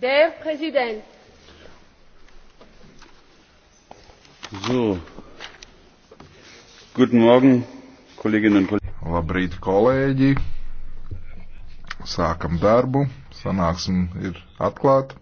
der präsident! guten morgen kolleginnen und kollegen! labrīt kolēģi! sākam darbu. sanāksim ir atklāta.